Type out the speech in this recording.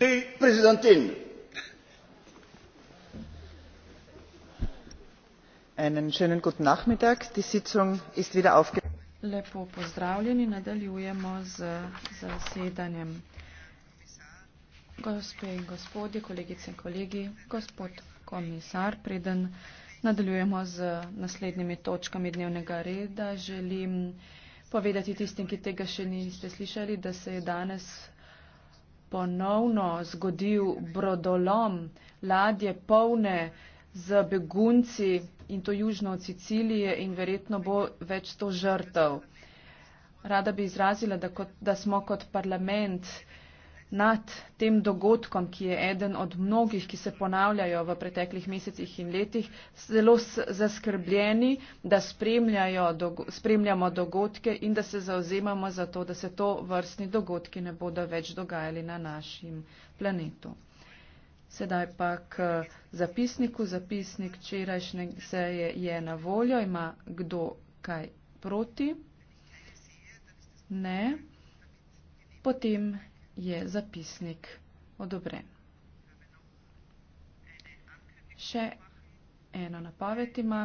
die präsidentin! einen schönen guten nachmittag! die sitzung ist wieder aufgenommen. lepo pozdravljeni nadaljujemo z zasedanjem. gospe in gospodje kolegice in kolegi gospod komisar preden nadaljujemo z naslednjimi točkami dnevnega reda želim povedati tistim ki tega še niste slišali da se je danes ponovno zgodil brodolom, ladje polne z begunci in to južno od Sicilije in verjetno bo več to žrtev. Rada bi izrazila, da, kot, da smo kot parlament nad tem dogodkom, ki je eden od mnogih, ki se ponavljajo v preteklih mesecih in letih, zelo zaskrbljeni, da spremljajo, dogo spremljamo dogodke in da se zauzemamo za to, da se to vrstni dogodki ne bodo več dogajali na našem planetu. Sedaj pa k zapisniku. Zapisnik včerajšnje seje je na voljo. Ima kdo kaj proti? Ne. Potem je zapisnik odobren. Še eno napoved ima.